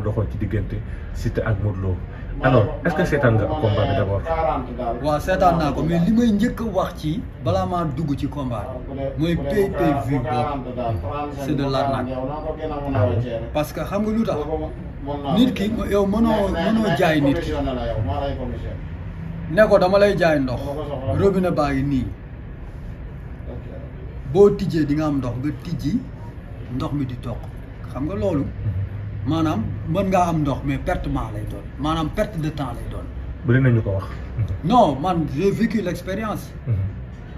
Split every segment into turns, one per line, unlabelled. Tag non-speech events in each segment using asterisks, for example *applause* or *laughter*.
moo doxoon ci diggante ak Lo alors est-ce que seetaan nga combat bi d'abord.
waaw seetaan naa ko mais li may njëkk a wax ci balaa maa dugg ci combat mooy PPV boobu hmm. c'est de l'arnaque hmm. parce que xam nga lu tax nit ki yow mënoo mënoo jaay nit ki ne ko dama lay jaay ndox robinet baa ngi nii boo di nga am ndox nga tijji ndox mi di toq xam nga loolu. Hmm. Manam, mën nga am ndox mais pertement lay perte de temps lay doon.
bëri nañu ko wax.
non man j'ai vécu l'expérience. Mhm.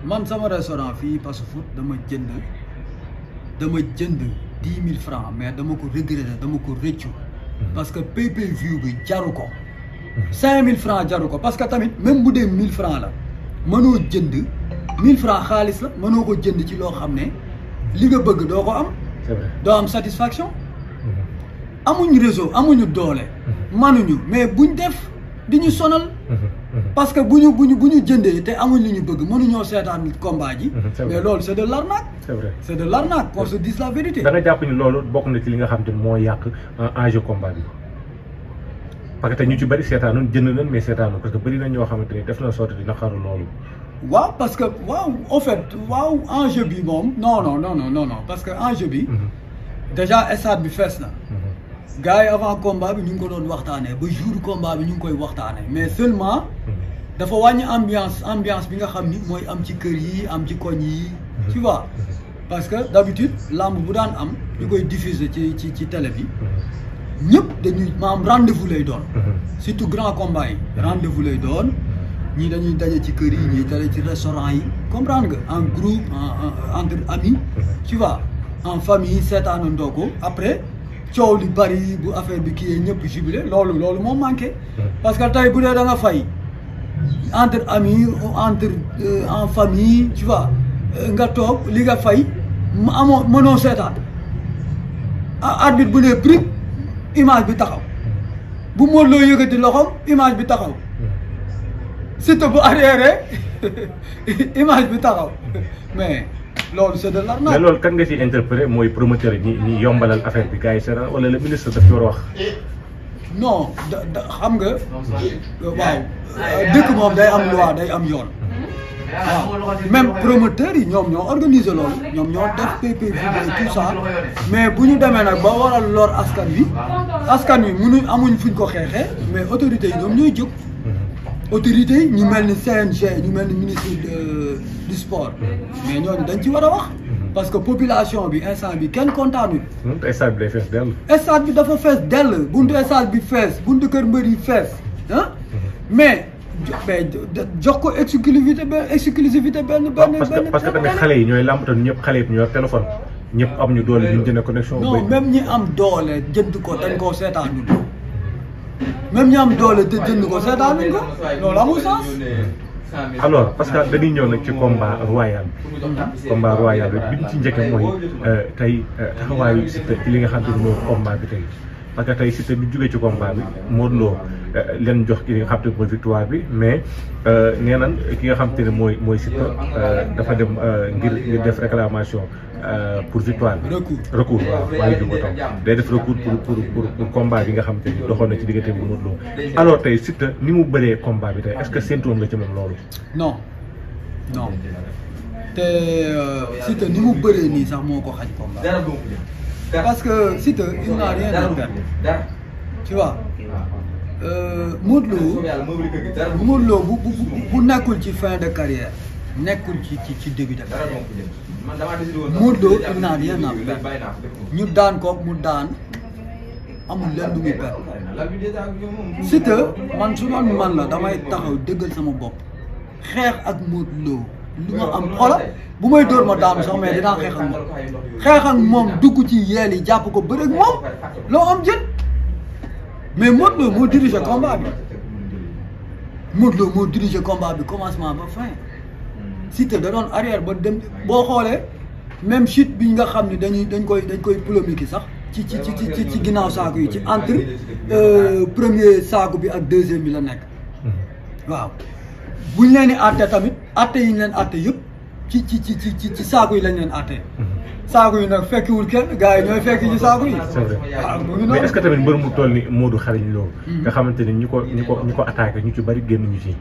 man sama restaurant fii Passe Foot dama jënd dama jënd francs mais dama ko regretté dama ko mhm. parce que pay per view bi jaru ko. Mhm. cinq francs jaru ko parce que tamit même bu dee mille francs la mënoo jënd mille francs xaalis la mënoo ko jënd ci li nga bëgg am. am satisfaction réseau amuñu mhm. mais buñ def diñu mhm. Mhm. parce que buñu buñu buñu jëndé té ñu bëgg combat ji mais lool c'est de l'arnaque. C'est vrai C'est de l'arnaque, pour se la vérité da nga japp ni loolu bokk na ci li nga xam euh, combat
parce que ñu ci bari sétane jënd nañ mais sétane parce que bari ñoo def na
sorti dina xaru parce que waaw en fait waaw enjeu bi non non non non non parce que déjà ça bi fess gars avant combat bi ñu ko doon waxtané ba jour combat bi ñu koy waxtané mais seulement. Mhm. dafa wàññi ambiance ambiance bi nga xamni moy am ci kër yi am ci koñ yi. Mhm. tu vois parce que d'habitude lamb bu daan am. ñu koy diffuser ci ci ci télé bi. Mhm. ñëpp dañuy maam rendez-vous lay doon. surtout grand combat yi. rendez-vous lay doon ñi dañuy daje ci kër yi ñi daje ci restaurant yi comprendre nga en groupe en entre amis. tu vois en famille seetaanandoo ndoko après. coow li bari bu affaire bi kii yee ñëpp jubilé loolu loolu moo manqué. parce que tey bu dee da nga fay entre amis entre euh, en famille tu vois euh, nga toog li nga fay mu amoo mënoo seetaan bu ne prix image bi taxaw bu moo loo yëkkati loxoom image bi taxaw surtout bu arrière *laughs* image bi taxaw loolu c'est de l'arnaque. mais
loolu kan nga ciy interpréter mooy promoteur ñi ñi yombalal affaire bi gars yi sera wala le ministre daf ci wax.
Eh, non da xam nga. waaw dëkk moom day am loi day am yoon. waaw même promoteurs yi ñoom ñoo organiser loolu ñoom ñoo def PPV et tout mais bu ñu demee nag ba waral lor askan wi askan wi mënuñ amuñ fuñ ko xeexee mais autorités yi ñoom ñooy jóg. autorité ñu mel ni CNG ñu mel ni ministre de, du sport mais ñooñu dañ ci war wax parce que population bi instant bi kenn kontaanut.
Hum, stade bi day fees dell.
bi dafa fees dell buntu stade bi fees buntu keur mbër yi fees ah mais. mais jox ko exclusivité ben exclusivité ben ben parce que parce que tamit
xale yi ñoy làmbatoon ñepp xalé yi ñoy téléphone ñepp am ñu doole ñu jënd connexion. non
même ñi am doole jënd ko dañ ko koo ñu même ñi am doole te jënd ko seetaanuñ ko loolu amul sens.
alors parce que dañuy ñëw nag ci combat royal
bi.
combat ci njëkk mooy euh, tey euh, taxawaayu Siteu ci li nga xam ne moom combat bi tey parce que tey Siteu bi jógee ci combat bi Modou Lo. leen jox ki nga xam te mooy victoire bi mais euh, nee nañ ki nga xam te ne mooy mooy Siteu dafa dem euh, ngir ngir def réclamation euh, pour victoire bi. recours waaw waaye du ko taw day def recours pour pour pour combat bi nga xam te ni doxoon na ci bi Modou Lo alors tey Siteu ni mu bëree combat bi tey est-ce que séntu woon nga ci moom
loolu. non non te Siteu ni mu bëree nii sax moo ko xaj combat. parce que Siteu il n'a rien à perdre tu vois. Euh, Modou Lo Modou Lo bu bu bu nekkul ci fin de carrière nekkul ci ci ci début de carrière Modou Lo il n'a ñu daan ko mu daan amul lenn du muy perdre c'est que man su doon man la damay taxaw dëggal sama bopp xeex ak Modou Lo lu ma am xola bu may dóor ma daanu sax mais dinaa xeex ak moom xeex ak moom dugg ci yeel yi jàpp ko bëri ak moom loo am jën mais moi, Lo dirige le combat bi combat bi commencement ba fin Si tu es arrière ba dem même chute tu nga tu es dañ koy dañ koy Tu sax ci ci ci ci ci yi ci entre euh, premier et bi deuxième bi la waaw buñ tu tamit Tu saako yi nag fekkiwul kenn gars yi ñooy fekki ci saako yi. c'est vrai ah, mais est-ce que
tamit mbër mu toll ni Modou xarañ loolu. Hmm. nga xamante ni ñu ko ñu ko ñu ñu ci bari génn ñu ci.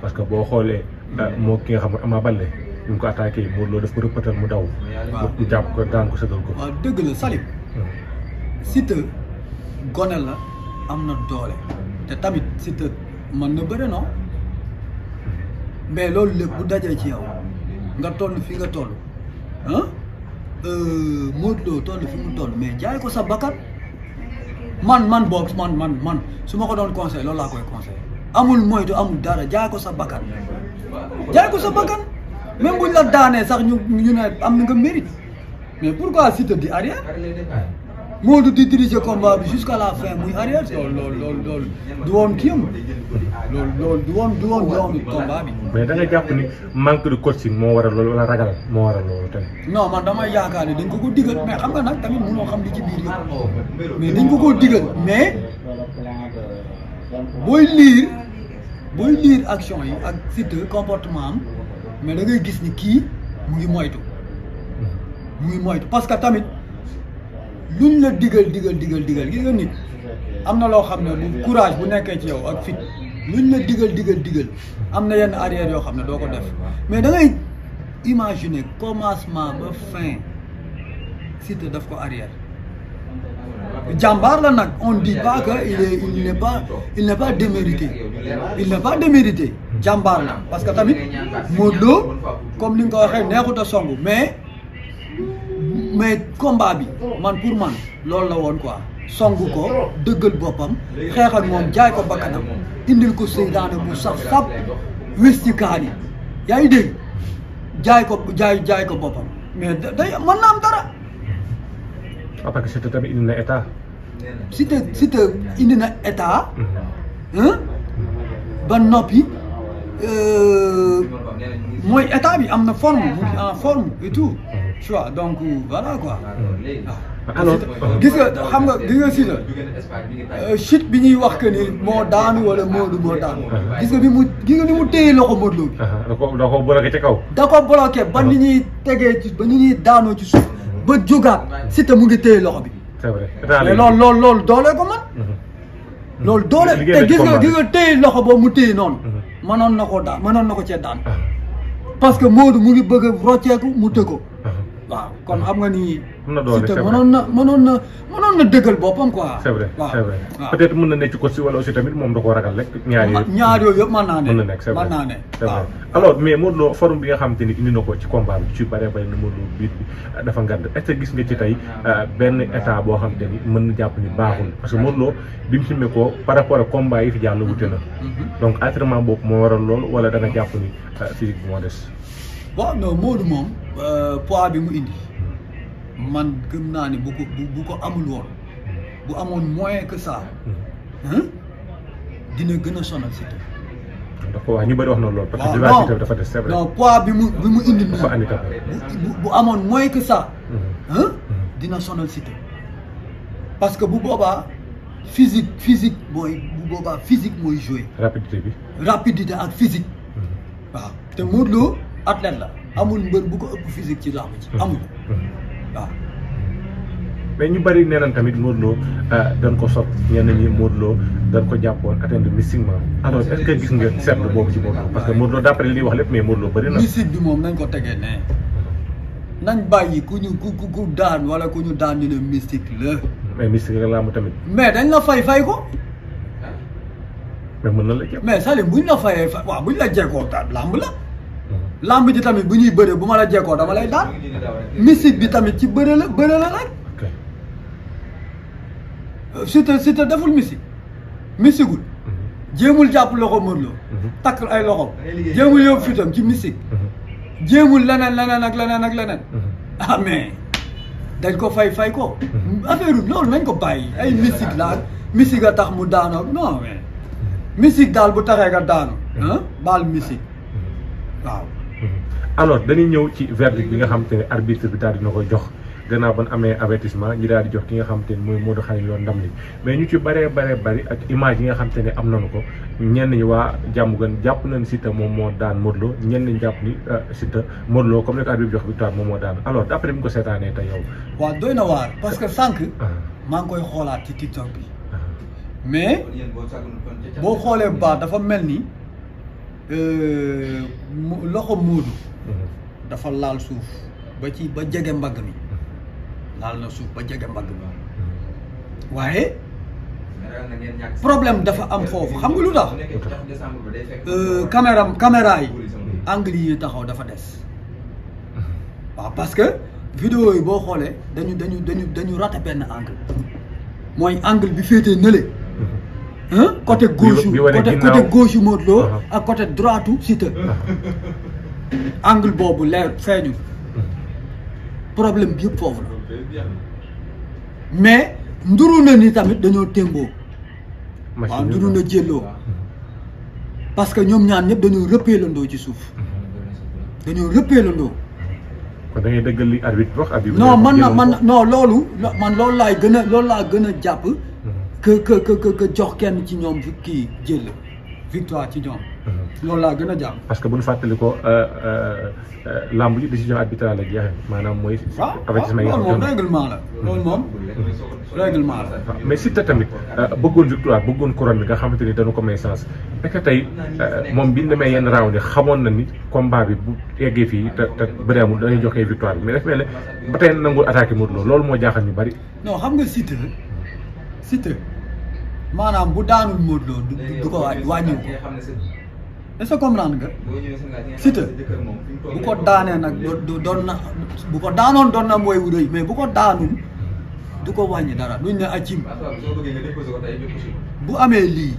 parce que boo xoolee. Hmm. Euh, moo ki nga xam am Ama Baldé ñu ko attaqué Modou Lo daf ko rëppatal mu daw. waaw mu jàpp ko daan ko sëgal ko.
waaw dëgg la Salim. Hmm. Siteu gone la am na doole te tamit Siteu mën na bëre non mais loolu lépp bu dajee ci yow nga toll fii nga toll Euh, Modou Lo toll fi mu toll mais jaay ko sa bakkan man man boog man man man su ma ko doon conseil loolu laa koy conseil amul moytu amul dara jaay ko sa bakkan jaay ko sa bakkan même buñ la daanee sax ñu ñu ne am na nga mérite mais pourquoi Siteu di arrière Modou di diriger combat bi jusqu'à la fin muy arrière loolu loolu loolu du woon kii am loolu loolu du woon du woon du woon combat bi.
mais da nga jàpp ni manque de coaching moo waral loolu wala ragal moo waral loolu tamit.
non man damay yaakaar ne dañ ko ko digal mais xam nga nag tamit mënoo xam li ci biir yëpp mais dañ ko ko digal mais
booy liir
booy liir action yi ak surtout comportement am mais da ngay gis ni kii mu ngi moytu. Hmm. mu ngi moytu parce que tamit. luñ la digal digal digal digal gis nga nit am na bu courage bu nekké ci yow ak fit luñ la digal digal digal amna yenn arrière yo xam doko def mais da ngay imaginer commencement ba fin Siteu daf ko arrière Jambar la nag on dit pas que il est il n'est pas il n'est pas démérité il n'est pas démérité Jambar la parce que tamit
vu,
Lo comme ni nga ko waxee neexut mais mais combat bi man pour man loolu la woon quoi songu ko dëggal boppam xeex ak moom jaay ko bakkanam indil ko seytaane mu saf saf wis ci kaani yaa ngi dégg jaay ko jaay jaay ko boppam mais day mën na am dara.
waaw parce que tamit indi na état.
Siteu Siteu indi na état. ba noppi. Euh, mooy état bi am na forme mu ngi en forme et tout tu vois donc euh, voilà quoi ah. alors ah. gis nga xam nga gis nga Siteu bi ñuy wax que moo daanu wala Modou moo daanu gis nga bi mu gis nga ni mu téye loxo Modou Lo bi ah, da ko da ko bloqué ci ba ni ñuy tegee ci ba ni ñuy daanoo ci suuf ba jógaat Siteu mu ngi téye loxo bi
c'est vrai mais
loolu ko man mhm. loolu doole te gis nga gis nga téye loxo boobu mu téye noonu mhm. mënoon na koo daan noon na ko cee daan mhm. parce que Modou mu ngi bëgg a rocceeku mu tëggoo waaw kon xam nga ni. mën na doon Siteu mënoon na mënoon na mënoon na dëggal boppam quoi.
c'est c'est vrai peut-être na nekk ci côté wala aussi tamit moom da koo ragal rek. ñaar yooyu ñaar yooyu yëpp mën naa na nekk c'est vrai mën mais Modou loo forme bi nga xamante ni indi na ko ci combat bi ci bare bare bi dafa ngand gis nga ci tey euh, benn état boo xamante ni mën na jàpp ni baaxul parce que Modou Lo bi mu simee ko par rapport ak combat yi fi jàll wute na. Mm-hmm. donc entraînement boobu moo waral loolu wala dana jàpp ni euh, physique bi moo des
bon non Modou mom euh poids bi mu indi man gëm naa ne bu ko bu ko amul woon bu amone moins que ça hmm. hein dina gën a sonal Siteu.
dafa wax ñu bëri wax noonu lool parce que débat bi dafa def c'est vrai. non
poids bi mu bi mu indi. dafa andi bu bu amoon moyen que ça. Hmm. hein hmm. dina sonal ci Siteu parce que bu boba physique physique mooy bu boba physique moy jouer rapidité bi. rapidité ak physique. waaw te modlo Atlet la amul mbeur bu ko ëpp physique ci lamb ci amul hmm.
waaw mais ñu bari neenan tamit modlo euh, dañ ko sot ñen ñi modlo dañ ko jappon atteindre mystiquement alors est ce que gis nga sept bobu ci bobu parce que modlo
d'après li wax lepp mais modlo bari na bi mom nañ ko nañ bayyi ku ñu ku ku daan wala ku ñu daan ñu mystique la mais mystique la lamb tamit mais dañ la fay fay ko mais mën na la mais ça buñ la fayé wa buñ la lamb la lamb ji tamit bu ñuy bëre bu ma la jekkoo dama lay daan mystique bi tamit ci bëre la bëre la rek. ok euh, Siteu Siteu deful mystique mystigul mhm. jéemul jàpp loxo Modou Lo mhm. takk ay loxo jéemul yóbbu fitam ci mystique mhm. jéemul leneen leneen ak leneen ak leneen ah mais ko fay fay ko affaire loolu nañ ko bàyyi ay mystique laal mystique a tax mu daanoo non daal bu taxee nga daanu baal mystique waaw
alors dañuy ñëw ci verdict bi nga xam te ne arbitre bi daal dina ko jox gannaaw ba ñu amee avertissement ñi daal di jox ki nga xam te ne mooy Modou Khane Lo ndam li mais ñu ci bëree bëree bëri ak image yi nga xam ne am nañu ko ñenn ñi waa jàmm gën jàpp nañ Siteu moom moo daan Modou ñenn ñi jàpp ni euh, Siteu Modou comme ni ko arbitre bi jox victoire moom moo daan alors d'après bi ko seetaanee
te yow. waaw doy na waar parce que sànq. Ah. maa ngi koy xoolaat ci TikTok bi. Ah. mais boo xoolee baax dafa mel ni euh, loxo Modou. dafa laal suuf ba ci ba jege mbagg mi laal na suuf ba jege mbagg mi waaye problème dafa am foofu xam nga lu tax euh, caméra caméra yi angle yi taxaw dafa des waaw parce que vidéo yi boo xoolee dañu dañu dañu dañu raté benn angle mooy angle bi féetee nële côté gauche côté côté gauche Modou Lo uh-huh. ak côté droite Siteu uh-huh. angle l'air leer Le problème bi pauvre. mais nous na ni tamit Nous tembo nous nduru na parce que ñom ñaan dañu nous lando ci li arbitre wax non man non, non mhm. que que que que jox kenn ci jël victoire Mhm. loolu laa gën a jàpp. parce que
bu ñu fàttali ko euh, euh, euh, lamb ji décision arbitrale ak jeexee maanaam mooy. Ah, ah, avertissement yi nga xam moom
règlement la. Mhm. loolu moom
mhm. règlement la. Ah, mais Siteu tamit bëggoon victoire bëggoon couronne bi nga xamante ni dañu ko may sens est que tey moom bi ñu demee yenn round yi xamoon na ni combat bi bu eggee fii te te bëri amul dañuy joxe victoire bi mais daf mel ne ba tey nangul attaqué Modou loolu moo jaaxal ñu bari.
non xam nga Siteu Siteu maanaam bu daanul Modou Lo du ko wàññiwul. est-ce que comprendre nga Siteu bu ko daanee nag doon na bu ko daanoon doon na mooy wu rëy mais bu ko daanul du ko wàññi dara duñ ne acim bu amee lii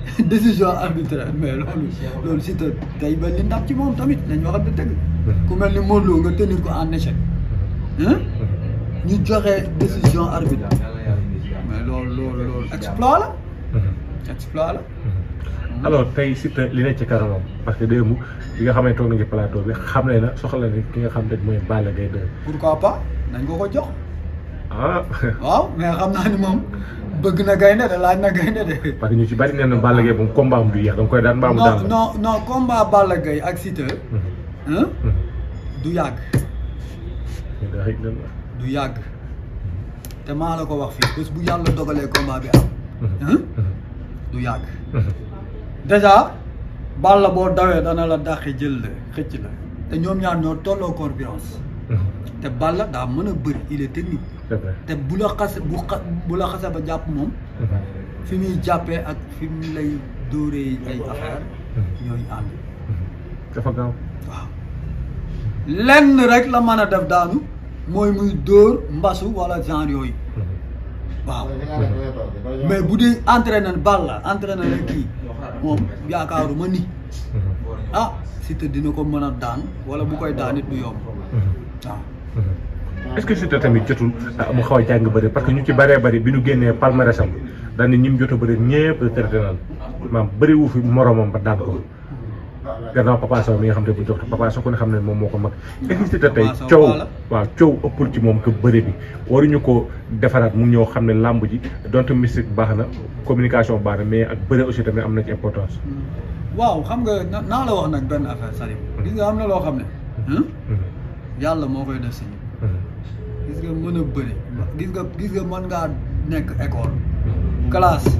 *laughs* décision arbitraire mais loolu loolu Siteu tey ba li ndam ci moom tamit nañ waxante dëgg ku mel ni Modou Lo nga tenir ko en échec ñu joxe décision arbitraire mais loolu loolu loolu exploit la mhm. exploit la Mm-hmm. alors
tey Siteu li nekk ci kanamam parce que démb bi nga xam ne toog nañu plateau bi xam ne na soxla na ki nga xam ne mooy Balla Gaye 2.
pourquoi pas nañ ko ko jox. Ah. *laughs* waaw mais xam naa ni moom bëgg na gaynde de laaj
na gaynde de. *laughs* parce que ñu ci bari nee na Balla Gaye moom combat am du yéex da koy daan mbaamu daan non
non non combat Balla Gaye ak Siteu. Mm-hmm. Mm-hmm. du yàgg. du yàgg. te maa la ko wax fii bu yàlla dogalee combat bi am. du yàgg. déjà bal la boo dawee dana la dàqi jël la xëcc la te ñoom ñaar ñoo tolloo corpulence mhm. te bal la daa mën a bëri il est technique te bu la xase bu xa bu la xase ba jàpp moom mhm. fi muy jàppee ak fi mu lay dóoree ay affaire mhm. ñooy ànd waaw lenn rek la mën a def daanu mooy muy dóor mbasu wala genre yooyu waaw mais bu dee entraîné bal la entraîné la kii moom yaakaaruma ni mhm. ah Siteu dina ko mën a daan wala bu koy daan it du yomb waaw mhm. ah.
mhm. est-ce tamit jotul mu xaw a jàng bëri parce que ñu ci bare bëri bi ñu génnee palmarèsam dañ ne ñi jot a bëri ñëpp retraité naan maam bëri fi moromam ba daan ko gannaaw Papa Sow mi nga xam ne bu xam ne moom moo ko mag nga gis baax na communication baax na mais ak bëre aussi tamit am na ci importance hmm.
waaw xam nga naa la wax nag benn affaire Salim hmm. gis nga am na loo xam ne hmm? yàlla moo koy def si gis nga mën a bëri gis nga gis nga mën ngaa nekk école classe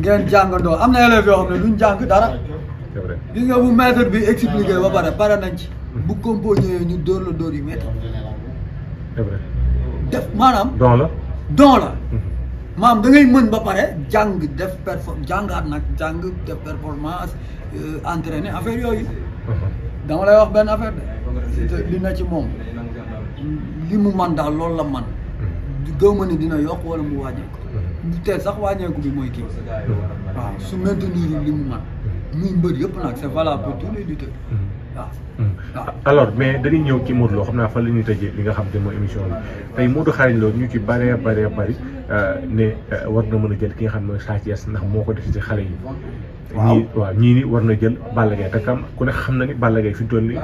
ngeen jàngandoo am na élèves yoo xam ne jàng dara vrai gis nga bu maître bi expliqué ba pare pare nañ ci. Hmm. bu compo ñëwee ñu dóor la dóor yu métti. def maanaam. don la don la. Hmm. maam da ngay mën ba pare jàng def perfor jàngaat nag jàng def performance euh, entraîné affaire yooyu. Hmm. dama lay wax benn affaire de. li na ci moom. li mu man daal loolu la man gëw ma ne dina yokk wala mu wàññeeku. teel sax wàññeeku bi mooy kii. waaw su maintenir li mu man muy mbër yëpp nag mm-hmm.
Mm-hmm. mais dañuy ñëw ci Modou Lo xam naa fan la ñuy tëjee li nga xam te moo émission bi tey Modou Xarañ Lo ñu ci bëree bëree bëri euh, ne euh, war na mën a jël ki nga xam ne Sa Thiès ndax moo ko def ci xale yi. waaw ñii waaw ñii ni war na jël Balla Gaye te kam ku ne xam na ni Balla Gaye fi doon ni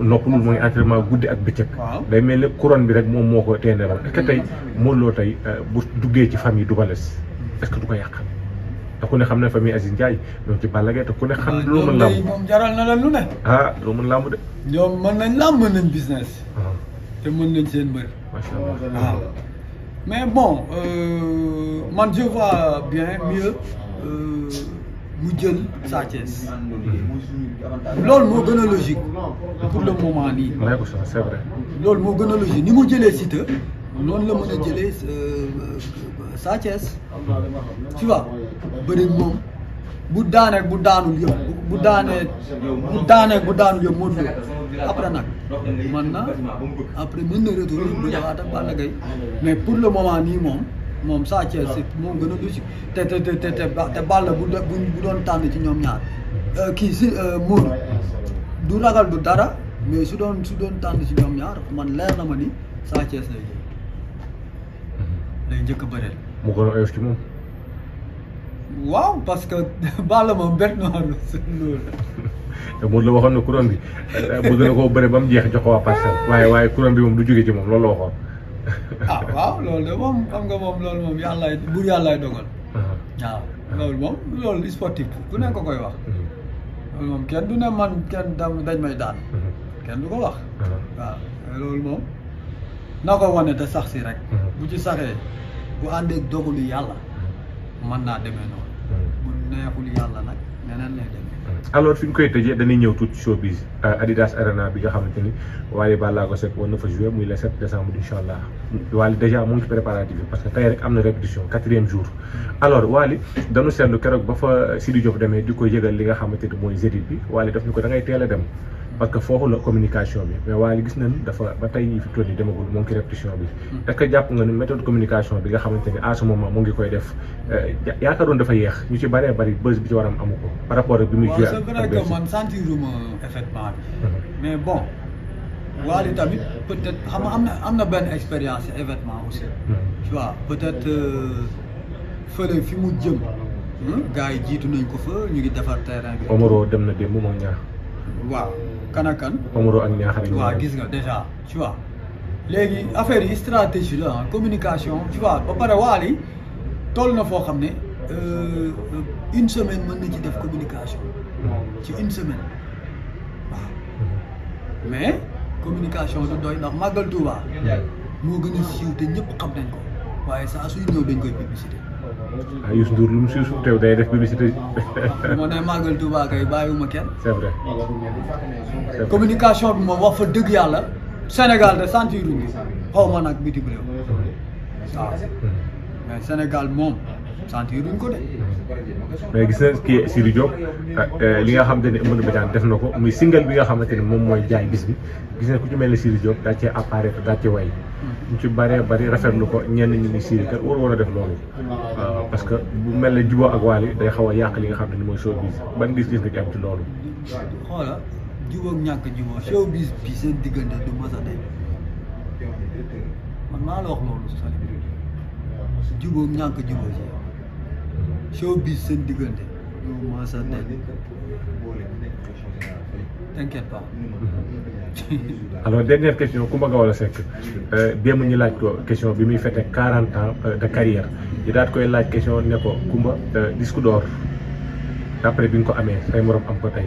noppalul mooy entraînement guddi ak bëccëg. day mel ne couronne bi rek moom moo ko teeneeroon est-ce tey Modou Lo tey euh, bu duggee ci famille du bales est du ko yàqal. te ku ne xam ne Aziz Ndiaye ñoo ci Balla te ku ne xam lu mën lamb
moom jaral na la lu ne
ah lu mën lamb de
ñoom mën nañ lamb nañ business te mën nañ seen mbër mais bon euh, man je vois bien eh, mieux euh, mu jël Sa Thiès hmm. loolu moo gën logique pour le moment nii c'est vrai loolu moo gën logique ni mu jëlee Siteu noonu la mën a jëlee euh, euh, Sa Thiès tu vois bëri moom bu daanee bu daanul yëpp bu daanee bu daanee bu daanul yëpp moo après nag man na après mën na retour bu ñëwaat ak Balla Gaye mais pour le moment nii moom moom Sa Thiès moom gën a logique te te te te te Balla bu bu doon tànn ci ñoom ñaar euh, kii si Modou du ragal du dara mais su doon su doon tànn ci ñoom ñaar man leer na ma ni Sa Thiès lay njëkk a bëreel.
mu gën a oyof ci moom.
waaw parce que *laughs* Balla moom bête noire loolu *laughs*
te Modou la waxoon na couronne *laughs* koo bëre ba mu jeex jox ko waa parcelle waaye waaye bi moom du jóge ci moom loolu la waxoon.
ah waaw loolu de moom xam nga moom loolu moom waaw loolu moom loolu sportif ku ne koy wax. Mhm. loolu moom kenn du ne man kenn dañ may daan. Mhm. kenn du ko wax. loolu moom. na ko wane te sax si rek. Mm-hmm. bu ci saxee bu àndee dogalu yàlla mën naa demee noonu. Mm-hmm. bu neexul yàlla nag neneen lay demee. Mm-hmm. alors fi ñu
koy tëjee dañuy ñëw soo showbiz euh, Adidas Arena bi nga xamante ni Wally Ballago Seck war na fa jouer muy le 7 décembre incha allah Wally déjà mu ngi préparatif parce que tey rek am na répétition quatrième jour. alors Wally dañu seetlu keroog ba fa Sidi Diop demee di ko yëgal li nga xamante ni mooy zénith bi Wally daf ñu ko da ngay teel a dem. parce que foofu la communication bi mais waaye gis nañ dafa ba tey fi toll nii demagul mu ngi ci répétition bi. Hmm. est-ce que jàpp nga ni méthode communication bi nga xamante ni à ce moment mu ngi koy def euh, ya-, yaakaaroon dafa yéex ñu ci bëree bëri buzz bi ci waram amu ko par rapport ak bi muy. joué ak ak c'est vrai que man
sentiruma effectivement bi. Hmm. mais bon waaye tamit peut-être xam nga am na expérience événement aussi. Hmm. tu vois peut-être euh, fële fi mu jëm. gars yi nañ ko fa ñu ngi defar terrain bi. Omaro
dem na démb moom
ñaar. waaw. kan ak kan. Omaro ak waaw gis nga déjà tu léegi affaire yi stratégie la communication tu ba pare Wally toll na foo xam ne euh, une semaine mën na ci def communication. ci une semaine mais communication du doy ndax màggal Touba. moo gën a siiw te ñëpp xam nañ ko waaye saa suy ñëw dañ koy publicité. ah Youssou Ndour lu mu si Youssou teew
day def publicité.
*laughs* bu ma nee màggal Touba kay bàyyiwuma kenn. c'est vrai. communication bi moom wax fa dëgg yàlla Sénégal de sentir xaw ma nag bitim réew waaw mais Sénégal moom. sentiruñ ko de.
mais gis nañ kii Sidy Diop eh, li nga xamante ni Eumeu Badiane def na ko muy single bi nga xamante ni moom mooy jaay bis bi gis nañ ku ci mel ne Sidy Diop daa cee apparaître daa ci way ñu ci bëree bëri rafetlu ko ñenn ñi ni Sidy kat war war a def loolu. waaw ah, parce que bu mel ne jubóo ak waal yi day xaw a yàq li nga xam ne mooy showbiz ban gis-gis nga ci am ci loolu.
xoola jubóo ak ñàkk jubóo showbiz bi seen diggante du mos a day man maa la wax loolu sax jubóo ak ñàkk jubóo ci showbiz seen diggante. loolu moo sa tey. t'inquiète pas.
alors dernière question Coumba Gawlo Seck euh, démb ñu laaj ko question bi muy fête 40 ans euh, de carrière ñu daal koy laaj question ne ko Coumba euh, disque d'or d'après bi nga ko amee say morom am ko tey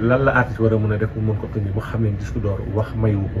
lan la artiste war a mën a def mu mën ko indi mu xam ne disque d'or wax mayu ko.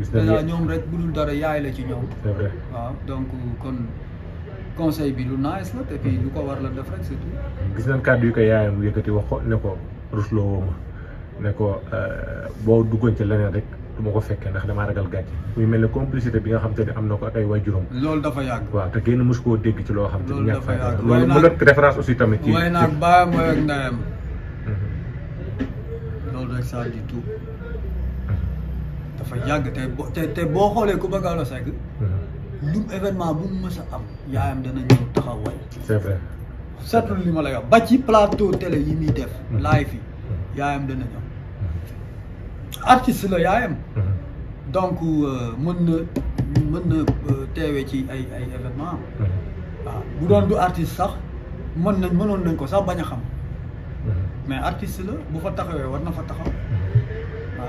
dèjà ñoom rek bu dul dara yaay la ci ñoom waaw donc kon conseil bi lu nice la te fii mm-hmm. lu ko war la def rek c'est tout
gis nañ kàddu yu ko yaayam yëkkati wax ko ne ko rusloo woo ma ne ko euh, boo duggoon ci leneen rek du ma ko fekkee ndax damaa ragal gàcce muy mel ne complicité bi nga xam te ne am na ko ak ay waajuram loolu dafa yàgg waaw te génn mos koo dégg ci loo xam te ñàkk fa yàgg loolu mu nekk référence aussi tamit ci way
naag baayam way ak ndeyam mm-hmm. loolu rek dafa yàgg te bo te boo xoolee ku bëgg segg Seck mhm. événement bu mu mës a am yaayam dana ñëw taxaw way c'est li ma la wax ba ci plateau télé yi muy def mhm. live yi mhm. yaayam dana ñëw artiste la yaayam donc euh, mën na mën na euh, teewee ci ay ay événement waaw ah, bu doon du artiste sax mën nañ mënoon nañ ko sax bañ a xam mais artiste la bu fa taxawee war na fa taxaw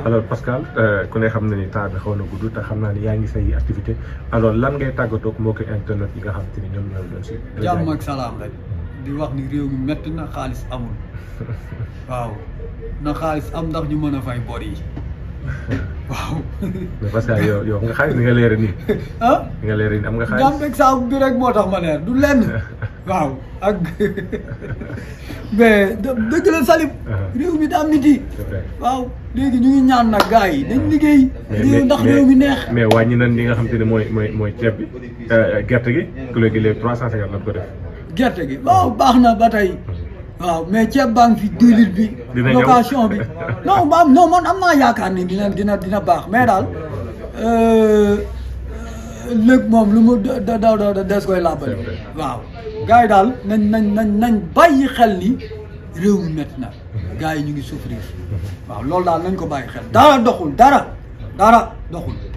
alors Pascal euh, ku ne xam na ni temps bi xaw na gudd te xam naa ni yaa ngi say activité alors lan ngay tàggatoog moo ko internet yi nga xam te ni ñoom ñoo doon si. jàmm
ak salaam rek di wax ni réew mi métti na xaalis amul *laughs* waaw na xaalis am ndax ñu mën a fay bor yi. waaw.
mais parce que yow yow nga xaalis ni nga leeral nii. ah ni nga leeral nii am nga xaalis. jàpp
ak saabu bi rek moo tax ma leer du lenn. *laughs* waaw ak *laughs* mais dëgg la Salim. Ah. réew mi daa am nit yi. waaw léegi ñu ngi ñaan nag gars yi dañ liggéey. réew ndax réew mi neex.
mais wàññi nañ li nga xam te ne mooy mooy mooy ceeb bi euh, gerte gi kilo gi léegi trois cent cinquante la ko def.
gerte gi waaw baax na ba tey. waaw mais ceeb baa ngi fi diwlin bi. location bi *laughs* non man non man am naa yaakaar ni dina dina baax mais daal euh, euh, léegi moom lu mu da da da des koy làbbali waaw gars yi daal nañ nañ nañ nañ bàyyi xel ni réew mi na *laughs* gars yi ñu ngi souffrir waaw loolu daal nañ ko bàyyi xel dara doxul dara dara doxul.